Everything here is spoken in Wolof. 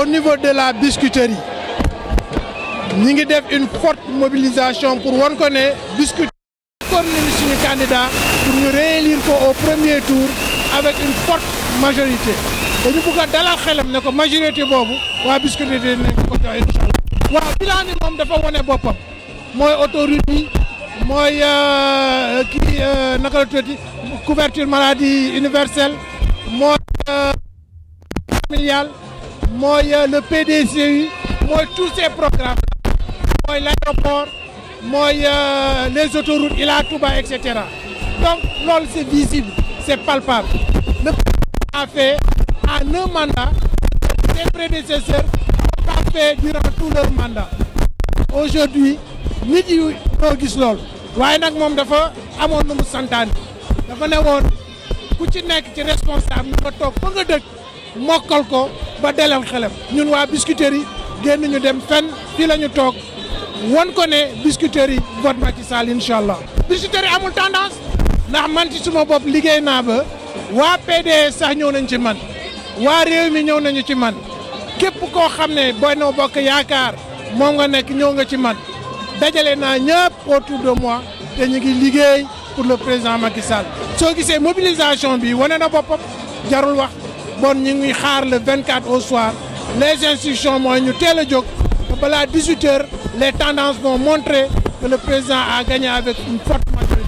au niveau de la biscuiterie ñi ngi def une forte mobilisation pour wan ko ne biscuiterie comme ni candidat pour ñu réélire ko au premier tour avec une forte majorité Et bëgg a dalal xelam ko majorité boobu la biscuiterie Nous ko jox incha allah waaw euh, euh, la ni Moi, dafa wane autorité yi qui, couverture maladie universelle euh, moi euh, le PDCU moi tous ces programmes l'aéroport euh, les autoroutes Ila Touba etc donc l'ol c'est visible c'est palpable le a fait un mandat ses prédécesseurs n'ont pas fait durant tout leur mandat aujourd'hui responsable nous mokkal ko ba dalal xelam ñun waa Biscuiterie yi génn ñu dem fenn fii la ñu toog won ko ne Biscuiterie yi vote Macky Sall incha allah. Biscuiterie amul tendance ndax man ci suma bopp liggéey naa ba waa PDS sax ñëw nañ ci man waa réew mi ñëw nañu ci man képp koo xam ne Benno Bokk Yaakaar moom nga nekk ñëw nga ci man dajale naa ñëpp autour de moi te ñu ngi liggéey pour le président Macky Sall soo gisee mobilisation bi wane na boppam jarul wax. bon nous le 24 au soir les institutions ont nous le jour, à 18 h les tendances vont montrer que le président a gagné avec une forte majorité.